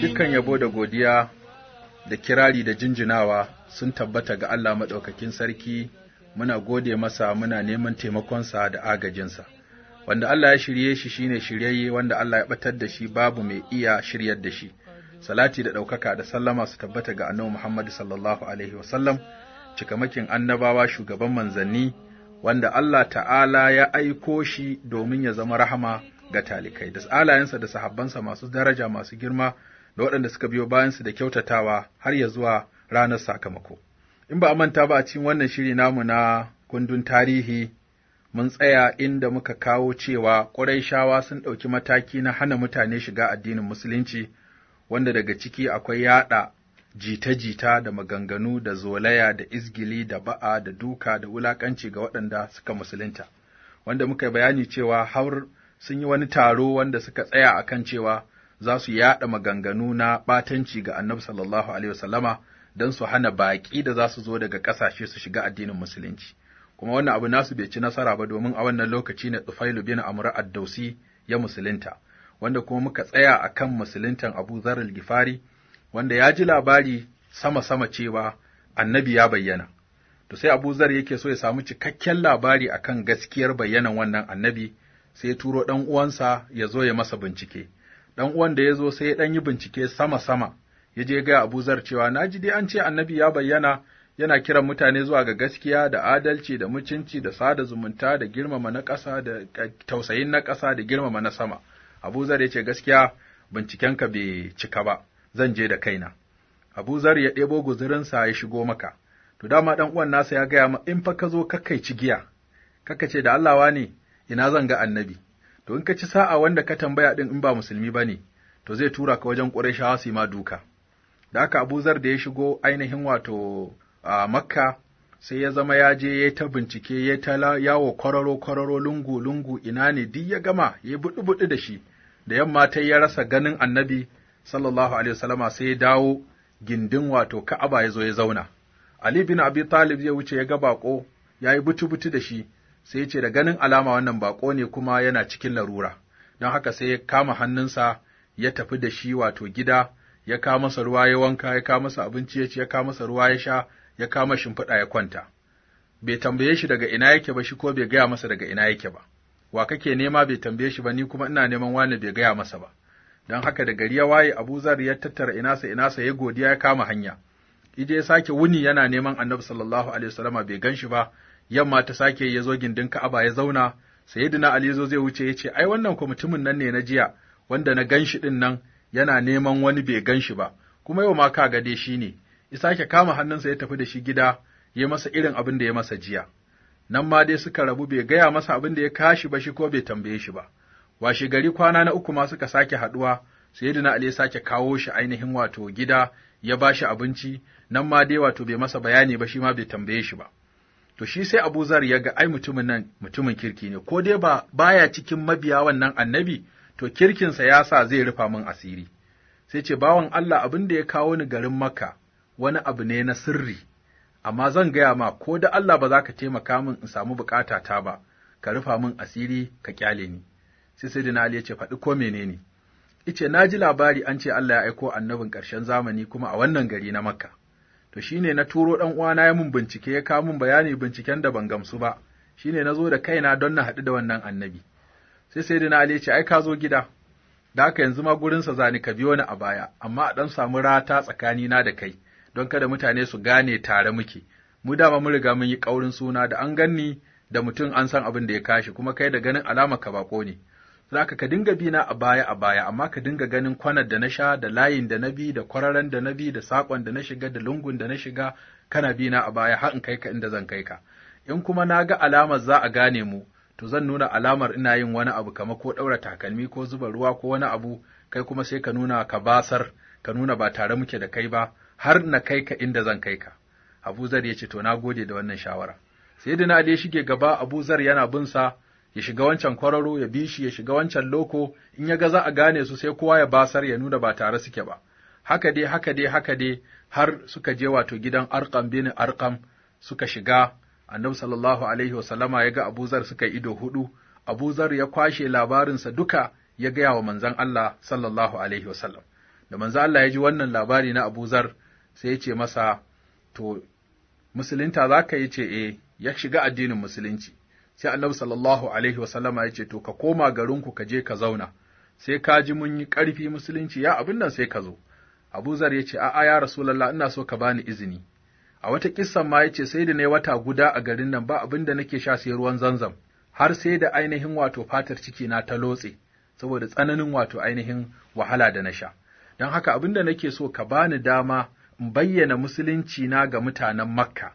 Dukan yabo da godiya da kirari da jinjinawa sun tabbata ga Allah maɗaukakin sarki, muna gode masa muna neman taimakonsa da agajinsa. Wanda Allah ya shirye shi shine shiryayye wanda Allah ya ɓatar da shi babu mai iya shiryar da shi. Salati da ɗaukaka da sallama su tabbata ga annabi Muhammad sallallahu alaihi wasallam, cikamakin annabawa shugaban manzanni, wanda Allah ta'ala ya aiko shi domin ya zama rahama ga talikai, da alayensa da sahabbansa masu daraja masu girma. da waɗanda suka biyo bayansu da kyautatawa har ya zuwa ranar sakamako. In ba a manta ba a cikin wannan shiri namu na kundin tarihi mun tsaya inda muka kawo cewa shawa sun ɗauki mataki na hana mutane shiga addinin Musulunci, wanda daga ciki akwai yaɗa jita-jita da maganganu da zolaya da izgili da ba'a da duka da wulaƙanci ga waɗanda suka musulunta, wanda muka bayani cewa har sun yi wani taro wanda suka tsaya akan cewa za su yaɗa maganganu na ɓatanci ga annabi sallallahu alaihi wasallama don su hana baƙi da za su zo daga ƙasashe su shiga addinin musulunci kuma wannan abu nasu bai ci nasara ba domin a wannan lokaci ne Tufailu bin Amr ad-Dausi ya musulunta wanda kuma muka tsaya a kan musuluntan Abu Zar gifari wanda ya ji labari sama-sama cewa annabi ya bayyana to sai Abu Zar yake so ya samu cikakken labari akan gaskiyar bayyanan wannan annabi sai turo ɗan uwansa ya zo ya masa bincike ɗan uwan da ya zo sai ya ɗan yi bincike sama-sama, ya je gaya abuzar cewa, Na ji dai an ce annabi ya bayyana yana kiran mutane zuwa ga gaskiya da adalci da mutunci da sada zumunta da girmama na ƙasa da tausayin na ƙasa da girmama na sama. Abuzar ya ce gaskiya bincikenka bai cika ba, zan je da kaina. Abuzar ya ɗebo guzurinsa ya shigo maka. To dama ɗan uwan nasa ya gaya ma in fa ka zo ci giya, kakka ce da Allah ne ina zan ga annabi. to in ka ci sa'a wanda ka tambaya din in ba musulmi ba ne, to zai tura ka wajen Qurayshawa su ma duka. Da aka Abu da ya shigo ainihin wato a Makka sai ya zama ya je ya ta bincike ya ta yawo kwararo kwararo lungu lungu ina ne duk ya gama ya buɗu buɗu da shi da yamma ta ya rasa ganin annabi sallallahu alaihi wasallama sai ya dawo gindin wato Ka'aba ya zo ya zauna. Ali bin Abi Talib ya wuce ya ga bako ya yi butu-butu da shi sai ce da ganin alama wannan baƙo ne kuma yana cikin larura don haka sai ya kama hannunsa ya tafi da shi wato gida ya kawo masa ruwa ya wanka ya kawo masa abinci ya ci ya kawo masa ruwa ya sha ya kama shimfiɗa ya kwanta bai tambaye shi daga ina yake ba shi ko bai gaya masa daga ina yake ba wa kake nema bai tambaye shi ba ni kuma ina neman wani bai gaya masa ba don haka da gari ya waye Abuzar ya tattara inasa inasa ya godiya ya kama hanya ije ya sake wuni yana neman Annabi sallallahu alaihi wasallama bai gan shi ba yamma ta sake ya zo gindin Ka'aba ya zauna, Sayyidina Ali zo zai wuce ya ce, Ai, wannan ko mutumin nan ne na jiya, wanda na gan shi ɗin nan yana neman wani bai gan shi ba, kuma yau ma ka gade shi ne, ya sake kama hannunsa ya tafi da shi gida, ya masa irin abin da ya masa jiya. Nan ma dai suka rabu bai gaya masa abin da ya kashi ba shi ko bai tambaye shi ba. Washe gari kwana na uku ma suka sake haɗuwa, Sayyidina Ali ya sake kawo shi ainihin wato gida, ya ba shi abinci, nan ma dai wato bai masa bayani ba shi ma bai tambaye shi ba. To shi sai Abu Zar ya ga ai mutumin nan mutumin kirki ne, ko dai ba baya cikin mabiya wannan annabi, to kirkinsa ya sa zai rufa min asiri. Sai ce bawan Allah abin da ya kawo ni garin Makka wani abu ne na sirri, amma zan gaya ma ko da Allah ba za ka taimaka min in samu bukata ta ba, ka rufa min asiri ka kyale ni. Sai sai Ali ya ce faɗi ko menene? Ice na ji labari an ce Allah ya aiko annabin ƙarshen zamani kuma a wannan gari na Makka. to ne na turo dan uwana ya mun bincike ya kawo mun bayani binciken da ban gamsu ba Shi ne na zo da kaina don na haɗu da wannan annabi sai sai da ali ya ce ai ka zo gida da haka yanzu ma gurinsa zani ka biyo ni a baya amma a dan samu rata tsakanina da kai don kada mutane su gane tare muke mu dama mun riga mun yi kaurin suna da an ganni da mutum an san abin da ya kashi kuma kai da ganin alama ka bako ne za ka ka dinga bina a baya a baya amma ka dinga ganin kwanar da na sha da layin da na bi da kwararen da na bi da sakon da na shiga da lungun da na shiga kana bina a baya har in kai ka inda zan kai ka in kuma na ga alamar za a gane mu to zan nuna alamar ina yin wani abu kama ko ɗaura takalmi ko zuba ruwa ko wani abu kai kuma sai ka nuna ka basar ka nuna ba tare muke da kai ba har na kai ka inda zan kai ka Abu ya ce to na gode da wannan shawara Sai dina Ali ya shige gaba Abu yana bin sa ya shiga wancan kwararo ya bi shi ya shiga wancan loko in ya ga za a gane su sai kowa ya basar ya nuna ba tare suke ba haka dai haka dai haka dai har suka je wato gidan arqam bin arqam suka shiga annabi sallallahu alaihi wasallama ya ga abuzar suka ido hudu abuzar ya kwashe labarinsa duka ya gaya wa manzon Allah sallallahu alaihi wasallam da manzon Allah ya ji wannan labari na abuzar sai ya ce masa to musulunta za ka yi ce eh ya shiga addinin musulunci sai annabi sallallahu alaihi wasallama ya ce to ka koma garinku ka je ka zauna sai ka ji mun yi ƙarfi musulunci ya abin nan sai ka zo Abu Zar ya ce a'a ya lalla ina so ka bani izini a wata kissan ma ya ce sai da ne wata guda a garin nan ba abin da nake sha sai ruwan zanzam har sai da ainihin wato fatar ciki na ta lotse saboda tsananin wato ainihin wahala da na sha don haka abin da nake so ka bani dama in bayyana musulunci na ga mutanen Makka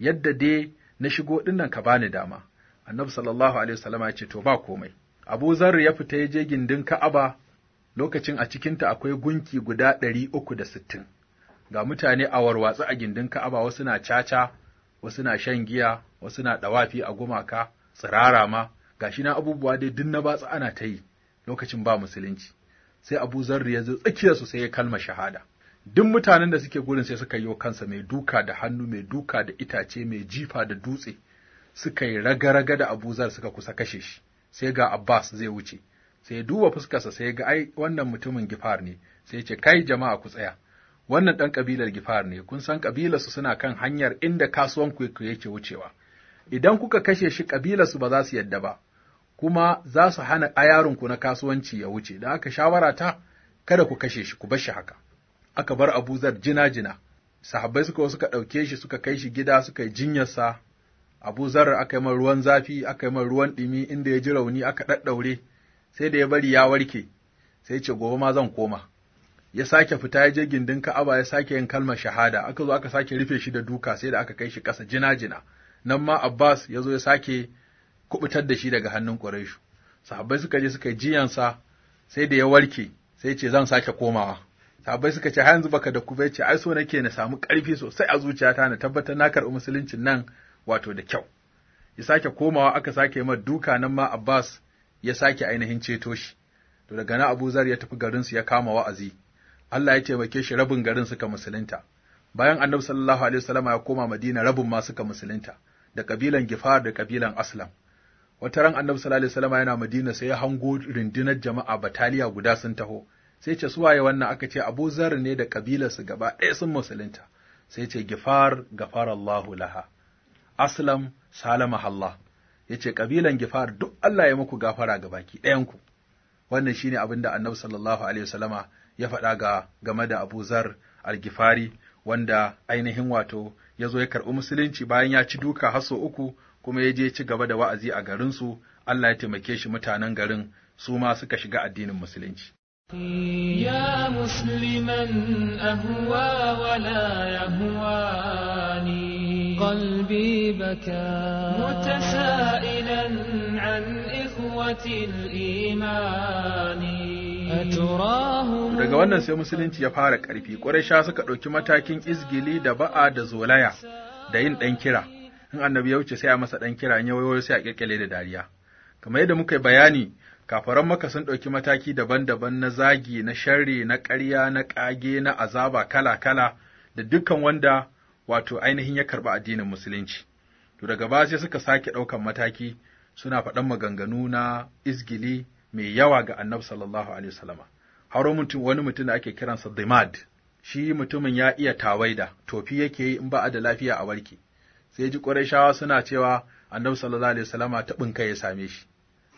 yadda dai na shigo dinnan ka bani dama annabi sallallahu alaihi wasallama ya ce to ba komai abu zar ya fita ya je gindin ka'aba lokacin a cikinta akwai gunki guda ɗari uku da sittin ga mutane a warwatsu a gindin ka'aba wasu na caca wasu na shan giya wasu na ɗawafi a gumaka tsirara ma shi na abubuwa dai duk na batsa ana ta yi lokacin ba musulunci sai abu zarri ya zo tsakiyarsu sai ya kalma shahada duk mutanen da suke gurin sai suka yi kansa mai duka da hannu mai duka da itace mai jifa da dutse suka yi raga-raga da abuzar suka kusa kashe shi sai ga Abbas zai wuce sai ya duba fuskarsa sai ga ai wannan mutumin gifar ne sai ya ce kai jama'a ku tsaya wannan ɗan kabilar gifar ne kun san ƙabilarsu suna kan hanyar inda kasuwan ku yake wucewa idan kuka kashe shi ƙabilarsu ba za su yadda ba kuma za su hana ku na kasuwanci ya wuce da aka shawara ta kada ku kashe shi ku bar shi haka aka bar abuzar jina-jina sahabbai suka suka ɗauke shi suka kai shi gida suka yi jinyarsa Abu Zarra aka yi ruwan zafi, aka yi ruwan ɗumi inda ya ji rauni aka ɗaɗɗaure, sai da ya bari ya warke, sai ce gobe ma zan koma. Ya sake fita ya je gindin Ka'aba ya sake yin kalmar shahada, aka zo aka sake rufe shi da duka sai da aka kai shi ƙasa jina-jina. Nan ma Abbas ya zo ya sake kubutar da shi daga hannun Quraishu. Sahabbai suka je suka yi jiyansa sai da ya warke, sai ce zan sake komawa. sahabbai suka ce yanzu ka da kubai ce ai so nake na samu ƙarfi sosai a zuciyata na tabbatar na karɓi musuluncin nan wato da kyau ya sake komawa aka sake ma duka nan ma Abbas ya sake ainihin ceto shi to daga nan Abu Zar ya tafi garin su ya kama wa'azi Allah ya taimake shi rabin garin suka musulunta bayan Annabi sallallahu alaihi wasallam ya koma Madina rabin ma suka musulunta da kabilan Gifar da kabilan Aslam wata ran Annabi sallallahu alaihi wasallam yana Madina sai ya hango rundunar jama'a bataliya guda sun taho sai ce su waye wannan aka ce Abu Zar ne da kabilarsu gaba ɗaya sun musulunta sai ce Gifar gafarallahu laha aslam salama Allah ya ce ƙabilan gifar duk Allah ya muku gafara ga baki ɗayanku wannan shine abin da annabi sallallahu alaihi wasallama ya faɗa ga game da abuzar Zar al-Gifari wanda ainihin wato ya zo ya karɓi musulunci bayan ya ci duka haso uku kuma ya je ci gaba da wa'azi a garinsu Allah ya taimake shi mutanen garin su ma suka shiga addinin musulunci يا مسلما أهوى ولا يهواني بكى متسائلا عن إخوة الإيمان daga wannan sai musulunci ya fara ƙarfi ƙuraisha suka ɗauki matakin izgili da ba'a da zolaya da yin ɗan kira in annabi ya wuce sai a masa ɗan kira in ya wayo sai a ƙirƙire da dariya kamar yadda muka yi bayani kafaran maka sun ɗauki mataki daban-daban na zagi na sharri na ƙarya na ƙage na azaba kala-kala da dukkan wanda wato ainihin ya karɓi addinin musulunci To daga baya sai suka sake ɗaukan mataki suna faɗan maganganu na izgili mai yawa ga annabi sallallahu alaihi wasallama. Har mutum wani mutum da ake kiransa Dimad, shi mutumin ya iya tawaida, tofi yake yi in ba a da lafiya a warke. Sai ji Qurayshawa suna cewa annabi sallallahu alaihi wasallama taɓin kai ya same shi.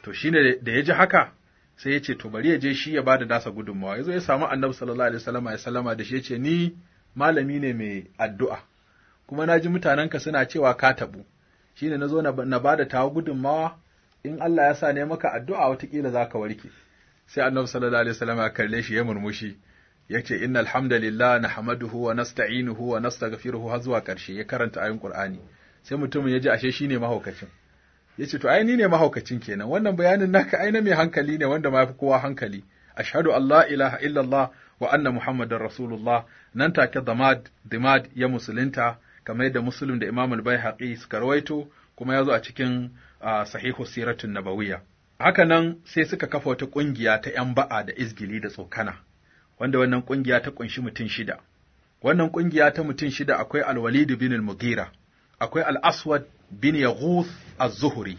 To shine da ya ji haka sai ya ce to bari ya je shi ya bada nasa gudunmawa. Ya zo ya samu annabi sallallahu alaihi wasallama ya sallama da shi ya ce ni malami ne mai addu'a. kuma na ji mutanenka suna cewa ka taɓu, shi ne na zo na ba da tawa gudunmawa in Allah ya sa ne maka addu'a watakila za ka warke. Sai annabi sallallahu Alaihi wasallam ya kalle shi ya murmushi, ya ce, Inna alhamdulillah na hamaduhu wa nasta'inuhu wa nastaghfiruhu har zuwa ƙarshe ya karanta ayin Ƙur'ani. Sai mutumin ya ji ashe shi ne mahaukacin. Ya ce, To, ai ni ne mahaukacin kenan, wannan bayanin naka ai na mai hankali ne wanda ma fi kowa hankali. Ashhadu Allah ilaha illallah wa anna Muhammadar Rasulullah nan take damad, dimad ya musulunta kamar yadda musulun da Imam al-Baihaqi suka rawaito kuma ya zo a cikin sahihu siratun nabawiyya. Haka nan sai suka kafa wata ƙungiya ta ‘yan ba'a da izgili da tsokana, wanda wannan ƙungiya ta ƙunshi mutum shida. Wannan ƙungiya ta mutum shida akwai Al-Walid bin al akwai Al-Aswad bin Yaghuth az-Zuhri,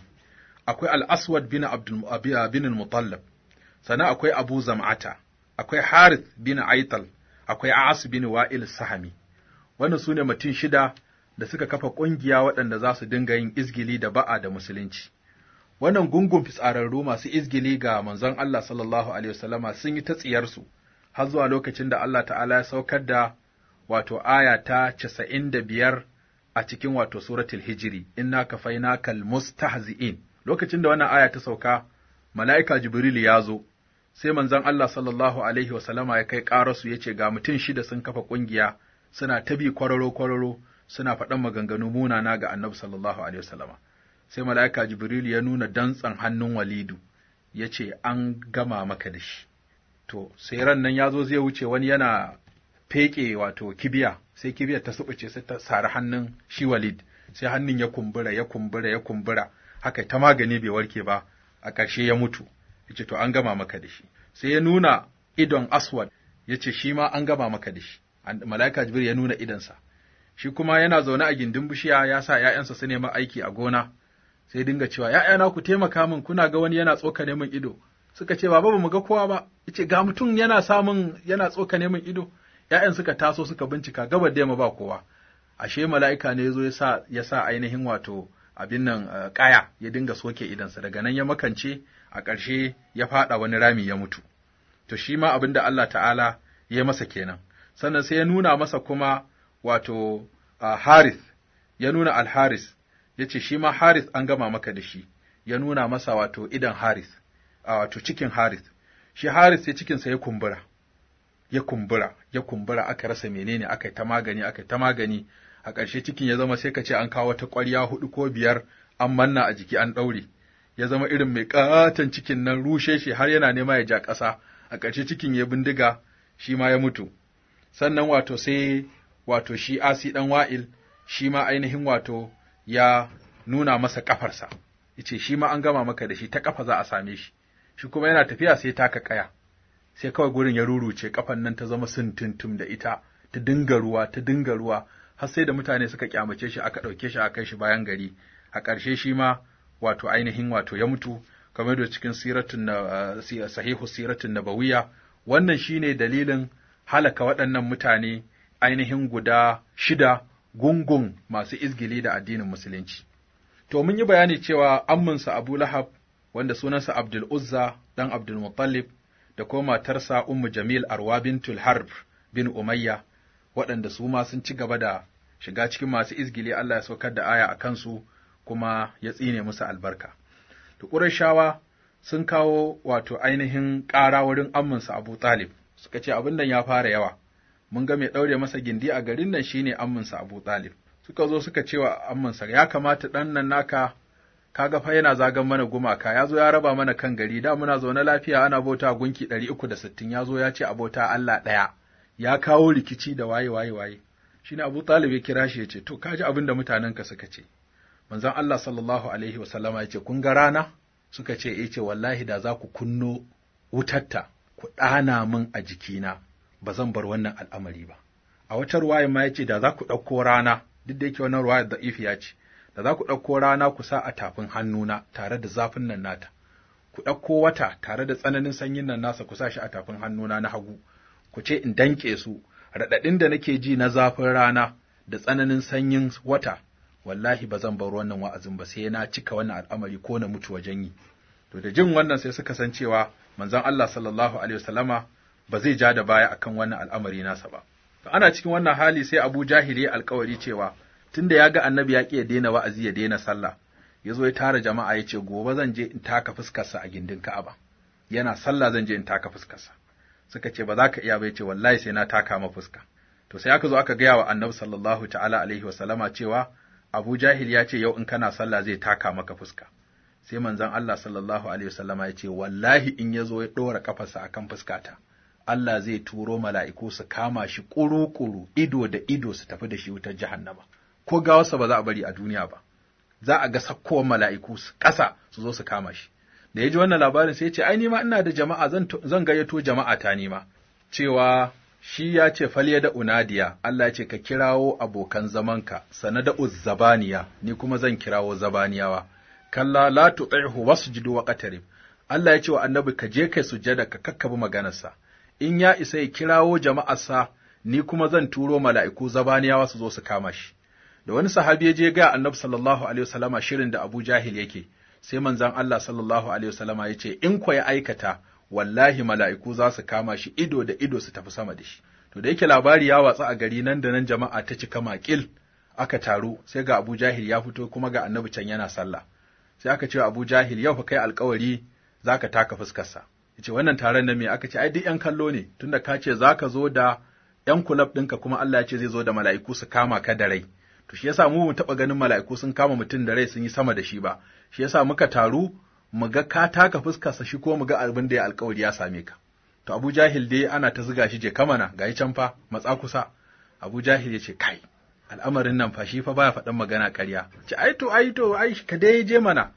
akwai Al-Aswad bin Abdul bin al sannan akwai Abu Zam'ata, akwai Harith bin Aital, akwai As bin Wa'il Sahami. wannan su ne mutum shida da suka kafa ƙungiya waɗanda za su dinga yin izgili da ba'a da musulunci. Wannan gungun fitsararru masu izgili ga manzon Allah sallallahu alaihi wasallama sun yi ta tsiyarsu har zuwa lokacin da Allah ta'ala ya saukar da wato aya ta casa'in da biyar a cikin wato suratul hijiri na kafaina kal mustahzi'in lokacin da wannan aya ta sauka mala'ika jibril ya zo sai manzon Allah sallallahu alaihi wasallama ya kai ƙararsu ya ce ga mutum shida sun kafa ƙungiya suna ta bi kwararo kwararo suna faɗan maganganu munana ga annabi sallallahu alaihi wasallama sai mala'ika jibril ya nuna dantsan hannun walidu ya ce an gama maka da shi to sai ran nan ya zo zai wuce wani yana feƙe wato kibiya sai kibiyar ta subuce sai ta sari hannun shi walid sai hannun ya kumbura ya kumbura ya kumbura haka ta magani bai warke ba a ƙarshe ya mutu yace to an gama maka da shi sai ya nuna idon aswad yace shi ma an gama maka da shi mala'ika Jibril ya nuna idansa. Shi kuma yana zaune a gindin bishiya ya sa ’ya'yansa su neman aiki a gona, sai dinga cewa ’ya'yana ku taimaka min kuna ga wani yana tsokane min ido. Suka ce, Baba, ba mu ga kowa ba, ice ga mutum yana samun yana tsoka neman ido, ’ya'yan suka taso suka bincika gaba da yamma ba kowa. Ashe mala'ika ne ya zo ya sa ainihin wato abin nan eh, kaya ya dinga soke idansa daga nan ya makance a ƙarshe ya faɗa wani rami ya mutu. To shi ma abin da Allah ta'ala ya yi masa kenan. sannan sai ya nuna masa kuma wato Harith, ya nuna Al-Harith, ya ce shi ma Harith an gama maka da shi, ya nuna masa wato idan Harith, wato cikin Harith. Shi Haris sai cikinsa ya kumbura, ya kumbura, ya kumbura aka rasa menene aka yi ta magani, aka yi ta magani, a ƙarshe cikin ya zama sai ka ce an kawo wata ƙwarya huɗu ko biyar an manna a jiki an ɗaure. Ya zama irin mai ƙaton cikin nan rushe shi har yana nema ya ja ƙasa, a ƙarshe cikin ya bindiga shi ma ya mutu. sannan wato sai wato shi asi ɗan wa'il shi ma ainihin wato ya nuna masa ƙafarsa, ice shi ma an gama maka da shi ta ƙafa za a same shi, shi kuma yana tafiya sai taka ƙaya, sai kawai gurin ya ruruce ƙafan nan ta zama sintintum da ita, ta dinga ruwa, ta dinga ruwa, har sai da mutane suka kyamace shi aka ɗauke shi a kai shi bayan gari, a ƙarshe shi ma wato ainihin wato ya mutu, kamar da cikin siratun na eh, sahihu siratun nabawiya, wannan shine dalilin halaka waɗannan mutane ainihin guda shida gungun masu izgili da addinin musulunci. To mun yi bayani cewa amminsa Abu Lahab wanda sunansa Abdul Uzza dan Abdul Muttalib da kuma matarsa Ummu Jamil Arwa bin Harb bin Umayya waɗanda su ma sun ci gaba da shiga cikin masu izgili Allah ya saukar da aya a kansu kuma ya tsine musu albarka. To shawa sun kawo wato ainihin ƙara wurin amminsa Abu Talib suka ce abin nan ya fara yawa mun ga mai ɗaure masa gindi a garin nan shine amminsa Abu Talib suka zo suka ce wa amminsa ya kamata ɗan nan naka kaga fa yana zagan mana gumaka ya zo ya raba mana kan gari da muna zaune lafiya ana bauta gunki ɗari uku da sittin ya zo ya ce abota. Allah ɗaya ya kawo rikici da waye waye waye shine Abu Talib ya kira shi ya ce to kaji abin da mutanenka suka ce manzon Allah sallallahu alaihi wasallama ya ce kun ga rana suka ce eh ce wallahi da za ku kunno wutatta. ku ɗana min a jikina ba zan bar wannan al'amari ba a wata ruwaya ma yace da za ku ɗauko rana duk da yake wannan ruwayar da ya ce da za ku ɗauko rana ku sa a tafin hannuna tare da zafin nan nata ku ɗauko wata tare da tsananin sanyin nan nasa ku sa shi a tafin hannuna na hagu ku ce in danƙe su raɗaɗin da nake ji na zafin rana da tsananin sanyin wata wallahi ba zan bar wannan wa'azin ba sai na cika wannan al'amari ko na mutu wajen yi to da jin wannan sai suka san cewa manzon Allah sallallahu alaihi wasallama ba zai ja da baya akan wannan al'amari nasa ba ana cikin wannan hali sai Abu Jahil ya alƙawari cewa tunda ya ga annabi ya ki ya daina wa'azi ya daina sallah ya zo ya tara jama'a ya ce gobe zan je in taka fuskarsa a gindin Ka'aba yana sallah zan je in taka fuskarsa suka ce ba za ka iya ba ya ce wallahi sai na taka ma fuska to sai aka zo aka gaya wa annabi sallallahu ta'ala alaihi wasallama cewa Abu Jahil ya ce yau in kana sallah zai taka maka fuska sai manzon Allah sallallahu alaihi wasallama ya ce wallahi in ya zo ya ɗora kafarsa akan fuskata Allah zai turo mala'iku su kama shi ƙuru-ƙuru ido da ido su tafi da shi wutar jahannama ko ga gawarsa ba za a bari a duniya ba za a ga sakkowar mala'iku su ƙasa su zo su kama shi da ya ji wannan labarin sai ya ce ai nima ina da jama'a zan gayyato jama'a ta nima cewa shi ya ce falya da unadiya Allah ya ce ka kirawo abokan zamanka sana da uzzabaniya ni kuma zan kirawo zabaniyawa kalla la tu'ihu wasjudu wa qatarib Allah ya ce wa annabi ka je kai sujjada ka kakkabi maganarsa in ya isa ya kirawo jama'arsa ni kuma zan turo mala'iku zabaniyawa su zo su kama shi da wani sahabi ya je ga annabi sallallahu alaihi wasallama shirin da Abu Jahil yake sai manzon Allah sallallahu alaihi wasallama ya ce in ko ya aikata wallahi mala'iku za su kama shi ido da ido su tafi sama da shi to da yake labari ya watsa a gari nan da nan jama'a ta cika makil, aka taru sai ga Abu Jahil ya fito kuma ga annabi can yana sallah sai aka ce Abu Jahil yau fa kai alkawari zaka taka fuskarsa yace wannan taron na me aka ce ai duk yan kallo ne tunda ka ce zaka zo da yan kulab ɗinka kuma Allah ya ce zai zo da mala'iku su kama ka da rai to shi yasa mu mu taba ganin mala'iku sun kama mutum da rai sun yi sama da shi ba shi yasa muka taru mu ga ka taka fuskarsa shi ko mu ga abin da ya alkawari ya same ka to Abu Jahil dai ana ta zuga shi je kamana gayi can fa matsa kusa Abu Jahil ya ce kai al'amarin nan fa shi fa baya faɗan magana ƙarya ci ai to ai to ai ka dai je mana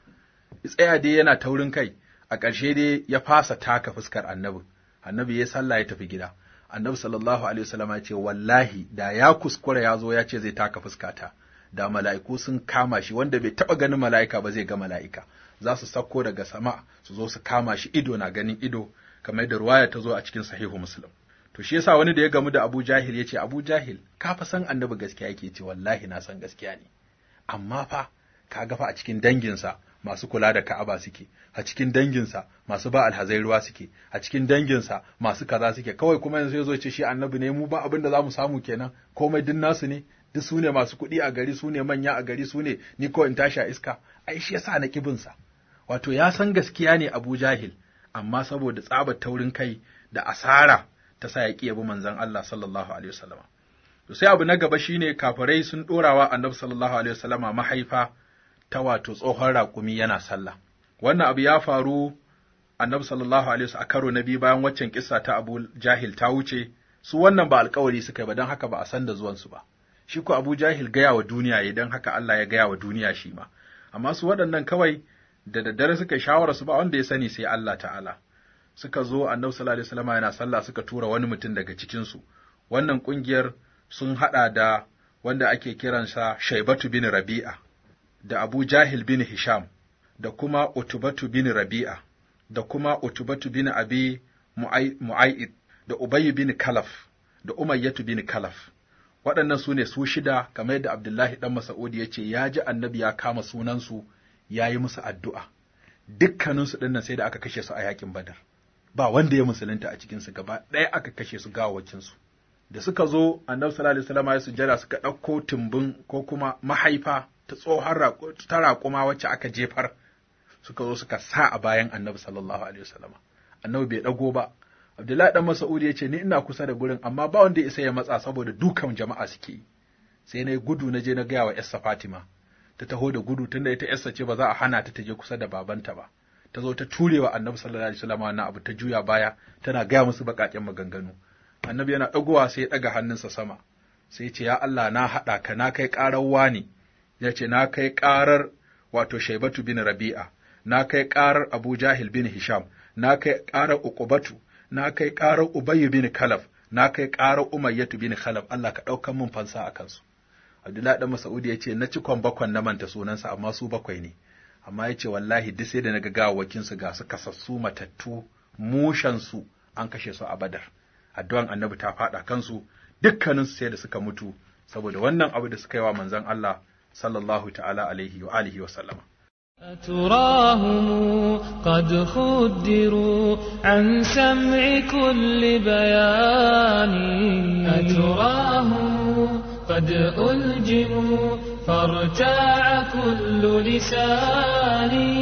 tsaya dai yana taurin kai a ƙarshe dai ya fasa taka fuskar annabi annabi ya sallah ya tafi gida annabi sallallahu alaihi wasallam ya ce wallahi da ya kuskura ya zo ya ce zai taka fuskata da mala'iku sun kama shi wanda bai taɓa ganin mala'ika ba zai ga mala'ika za su sauko daga sama su zo su kama shi ido na ganin ido kamar da ruwaya ta zo a cikin sahihu muslim to shi yasa wani da ya gamu da Abu Jahil ya ce Abu Jahil ka fa san annabi gaskiya yake ce wallahi na san gaskiya ne amma fa ka gafa a cikin danginsa masu kula da Ka'aba suke a cikin danginsa masu ba alhazai ruwa suke a cikin danginsa masu kaza suke kawai kuma yanzu yazo ce shi annabi ne mu ba abin da zamu samu kenan komai din nasu ne duk su ne masu kuɗi a gari su ne manya a gari su ne ni ko in tashi a iska ai shi yasa na sa. wato ya san gaskiya ne Abu Jahil amma saboda tsabar taurin kai da asara ta sa ya ƙi yabi manzon Allah sallallahu alaihi wasallama to sai abu na gaba shine kafirai sun dorawa annabi sallallahu alaihi wasallama mahaifa ta wato tsohon raƙumi yana sallah wannan abu ya faru annabi sallallahu alaihi wasallam a karo na biyu bayan waccan kissa ta Abu Jahil ta wuce su wannan ba alƙawari suka yi ba don haka ba a san da zuwan su ba shi ko Abu Jahil gaya wa duniya ya don haka Allah ya gaya wa duniya shi ma amma su waɗannan kawai da daddare suka shawara su ba wanda ya sani sai Allah ta'ala suka zo annabi sallallahu alaihi wasallam yana sallah suka tura wani mutum daga cikinsu. wannan kungiyar sun haɗa da wanda ake kiransa Shaibatu bin Rabi'a da Abu Jahil bin Hisham da kuma Utubatu bin Rabi'a da kuma Utubatu bin Abi Mu'aid da Ubayy bin Kalaf da Umayyatu bin Kalaf waɗannan su ne su shida kamar yadda Abdullahi ɗan Masa'udi ya ce ya ji annabi ya kama sunansu ya yi musu addu'a dukkaninsu ɗin sai da aka kashe su a yaƙin Badar ba wanda ya musulunta a cikinsu gaba ɗaya aka kashe su gawacinsu da suka zo annabi sallallahu alaihi wasallam ya sujjada suka ɗauko tumbin ko kuma mahaifa ta tsohon ta raƙuma wacce aka jefar suka zo suka sa a bayan annabi sallallahu alaihi wasallam annabi bai ɗago ba Abdullahi dan Mas'ud ya ce ni ina kusa da gurin amma ba wanda ya isa ya matsa saboda dukan jama'a suke sai na gudu na je na gaya wa Yarsa Fatima ta taho da gudu tunda ita Yarsa ce ba za a hana ta ta je kusa da babanta ba ta zo ta turewa annabi sallallahu alaihi wasallam wannan abu ta juya baya tana gaya musu baƙaƙen maganganu annabi yana ɗagowa sai ya daga hannunsa sama sai ya ce ya Allah na haɗa ka na kai ƙarar wani ya ce na kai ƙarar wato Shaibatu bin Rabi'a na kai ƙarar Abu Jahil bin Hisham na kai ƙarar Uqubatu na kai ƙarar Ubayy bin Kalaf na kai ƙarar Umayyatu bin Khalaf Allah ka daukan mun fansa akan su. Abdullahi dan masa'udi ya ce na ci kwan bakwan na manta sunansa amma su bakwai ne amma ya ce wallahi duk sai da na gawawakinsu ga su kasassu matattu mushansu an kashe su a badar addu'an annabi ta faɗa kansu dukkaninsu sai da suka mutu saboda wannan abu da suka yi wa manzon Allah sallallahu ta'ala alaihi wa alihi wa sallama أتراهم قد خدروا عن سمع كل بيان أتراهم قد ألجموا فارتاع كل لساني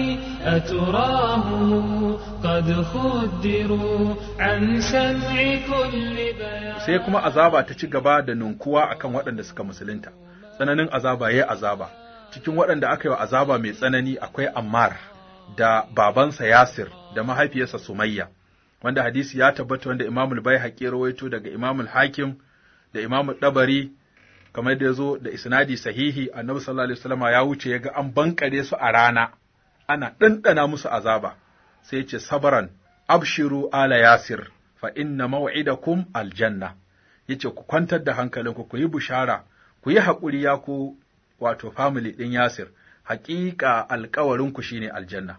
أتراهم قد خدروا عن سمع كل بيان sai kuma azaba ta ci gaba da nunkuwa akan waɗanda suka musulunta tsananin azaba yayi azaba cikin waɗanda aka yi wa azaba mai tsanani akwai Ammar da babansa Yasir da mahaifiyarsa Sumayya wanda hadisi ya tabbata wanda Imamul bai haƙƙi rawaito daga Imamul hakim da Imamul ɗabari kamar da ya zo da isnadi sahihi annabi sallallahu alaihi wasallama ya wuce ya ga an bankare su a rana ana ɗanɗana musu azaba sai ce sabaran abshiru ala yasir fa inna maw'idakum aljanna yace ku kwantar da hankalinku ku yi bushara ku yi haƙuri ya ku wato family ɗin yasir haƙiƙa alƙawarin ku shine aljanna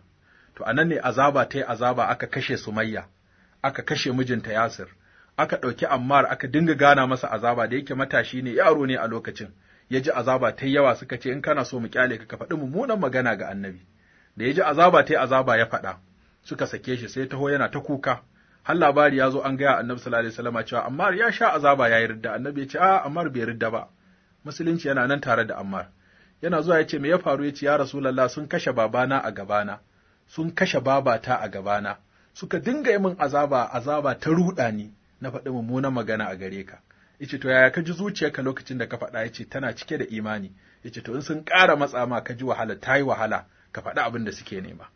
to anan ne azaba ta azaba aka kashe sumayya aka kashe mijinta yasir aka ɗauki Ammar aka dinga gana masa azaba da yake matashi ne yaro ne a lokacin, ya ji azaba ta yawa suka ce in kana so mu kyale ka ka faɗi mummunan magana ga annabi, da ya ji azaba ta azaba ya faɗa, suka sake shi sai taho yana ta kuka, har labari ya zo an gaya annabi sallallahu alaihi wasallam cewa Ammar ya sha azaba ya yi ridda, annabi ya ce a ah, Ammar bai ridda ba, musulunci yana nan tare da Ammar. Yana zuwa ya ce me ya faru ya ce ya rasulullah sun kashe babana a gabana, sun kashe babata a gabana, suka dinga yi min azaba azaba ta ruɗa ni, na faɗi mummunan magana a gare ka yace to yaya ka ji zuciyarka lokacin da ka faɗa yace tana cike da imani yace to in sun ƙara matsa ma ka ji wahala tayi wahala ka faɗi abin da suke nema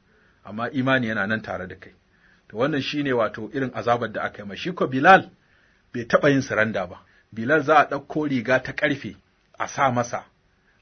amma imani yana nan tare da kai to wannan shine wato irin azabar da aka yi shi ko Bilal bai taɓa yin suranda ba Bilal za a ɗauko riga ta ƙarfe a sa masa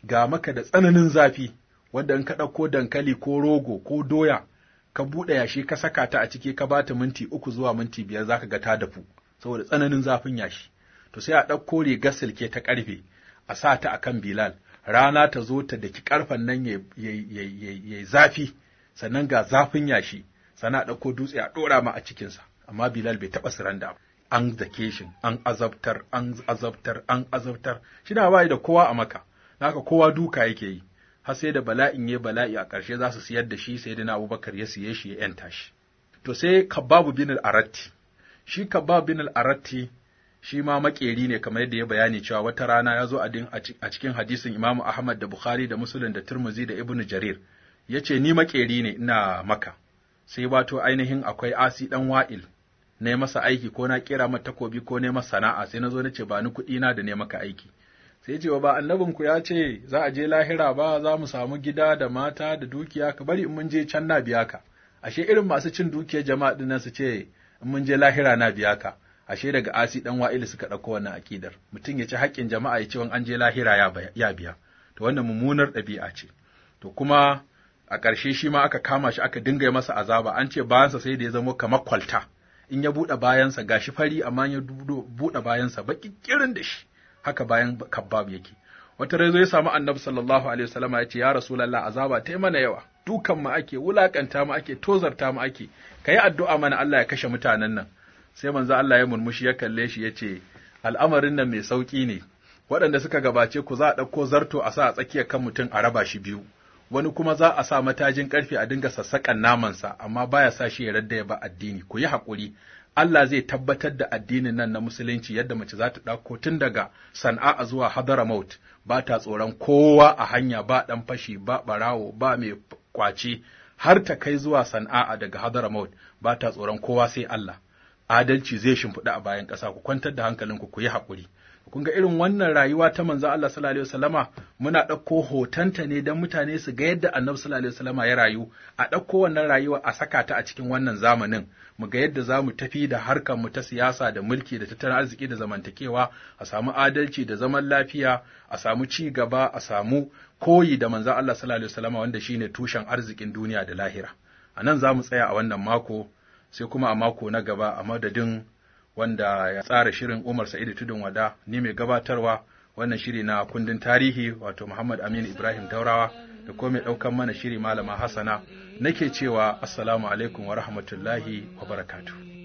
ga maka da tsananin zafi wanda in ka ɗauko dankali ko rogo ko doya ka buɗe yashi ka saka ta a ciki ka bata minti uku zuwa minti biyar za ka ga ta dafu saboda tsananin zafin yashi to sai a ɗauko rigar silke ta ƙarfe a sa ta akan Bilal rana ta zo ta daki ƙarfen nan ya zafi sannan ga zafin yashi sannan a ɗauko dutse a ɗora ma a cikinsa amma Bilal bai taɓa siranda ba an zake shi an azabtar an azabtar an azabtar shi da bai da kowa a maka naka kowa duka yake yi har sai da bala'in ya bala'i a ƙarshe za su siyar da shi sai da na Abubakar ya siye shi ya yanta shi to sai Kabbabu bin al-Aratti shi kabab bin al-aratti shi ma makeri ne kamar yadda ya bayani cewa wata rana ya zo a cikin hadisin imamu Ahmad da Bukhari da Muslim da Turmuzi da Ibn Jarir ya ce ni makeri ne ina maka sai wato ainihin akwai asi ɗan wa'il na masa aiki ko na kera mata takobi ko na masa sana'a sai na zo na ce ba ni kuɗi na da ne maka aiki sai ce ba annabin ku ya ce za a je lahira ba za mu samu gida da mata da dukiya ka bari in mun je can na biya ka ashe irin masu cin dukiyar jama'a din nan su ce in mun je lahira na biya ka ashe daga asi dan wa'ili suka ɗauko wannan akidar mutum ya ci haƙƙin jama'a ya ce wani an je lahira ya biya to wannan mummunar ɗabi'a ce to kuma a ƙarshe shi ma aka kama shi aka dinga masa azaba an ce bayansa sai da ya zama kamar kwalta in ya buɗe bayansa gashi fari amma ya buɗe bayansa baƙi kirin da shi haka bayan kabbab yake wata rai zai ya samu annabi sallallahu alaihi wasallama ya ce ya rasulullah azaba ta mana yawa dukan mu ake wulakanta mu ake tozarta ma ake kayi addu'a mana Allah ya kashe mutanen nan sai manzo Allah ya murmushi ya kalle shi ya ce al'amarin nan mai sauki ne waɗanda suka gabace ku za a ɗauko zarto a sa a tsakiyar kan mutum a raba shi biyu wani kuma za a sa matajin ƙarfe a dinga sassaƙan namansa amma baya sa shi ya radda ba addini ku yi haƙuri Allah zai tabbatar da addinin nan na musulunci yadda mace za ta ɗauko tun daga Sana'a zuwa hadaramaut ba ta tsoron kowa a hanya ba ɗan fashi ba barawo ba mai ƙwace har ta kai zuwa Sana'a daga Hadramaut ba ta tsoron kowa sai Allah. Adalci zai shimfiɗa a bayan ƙasa ku kwantar da hankalinku ku yi haƙuri. Kun ga irin wannan rayuwa ta manzo Allah sallallahu alaihi muna ɗauko hotonta ne don mutane su ga yadda Annabi sallallahu alaihi ya rayu a ɗauko wannan rayuwa a saka ta a cikin wannan zamanin mu ga yadda za mu tafi da harkar mu ta siyasa da mulki da tattalin arziki da zamantakewa a samu adalci da zaman lafiya a samu ci gaba a samu koyi da manzan Allah sallallahu alaihi wasallama wanda shine tushen arzikin duniya da lahira a nan za mu tsaya a wannan mako sai kuma a mako na gaba a madadin wanda ya tsara shirin Umar Sa'idu Tudun Wada ni mai gabatarwa wannan shiri na kundin tarihi wato Muhammad Aminu Ibrahim Daurawa da ko mai ɗaukan mana shiri Malama Hassana nake cewa Assalamu alaikum wa rahmatullahi wa barakatuh.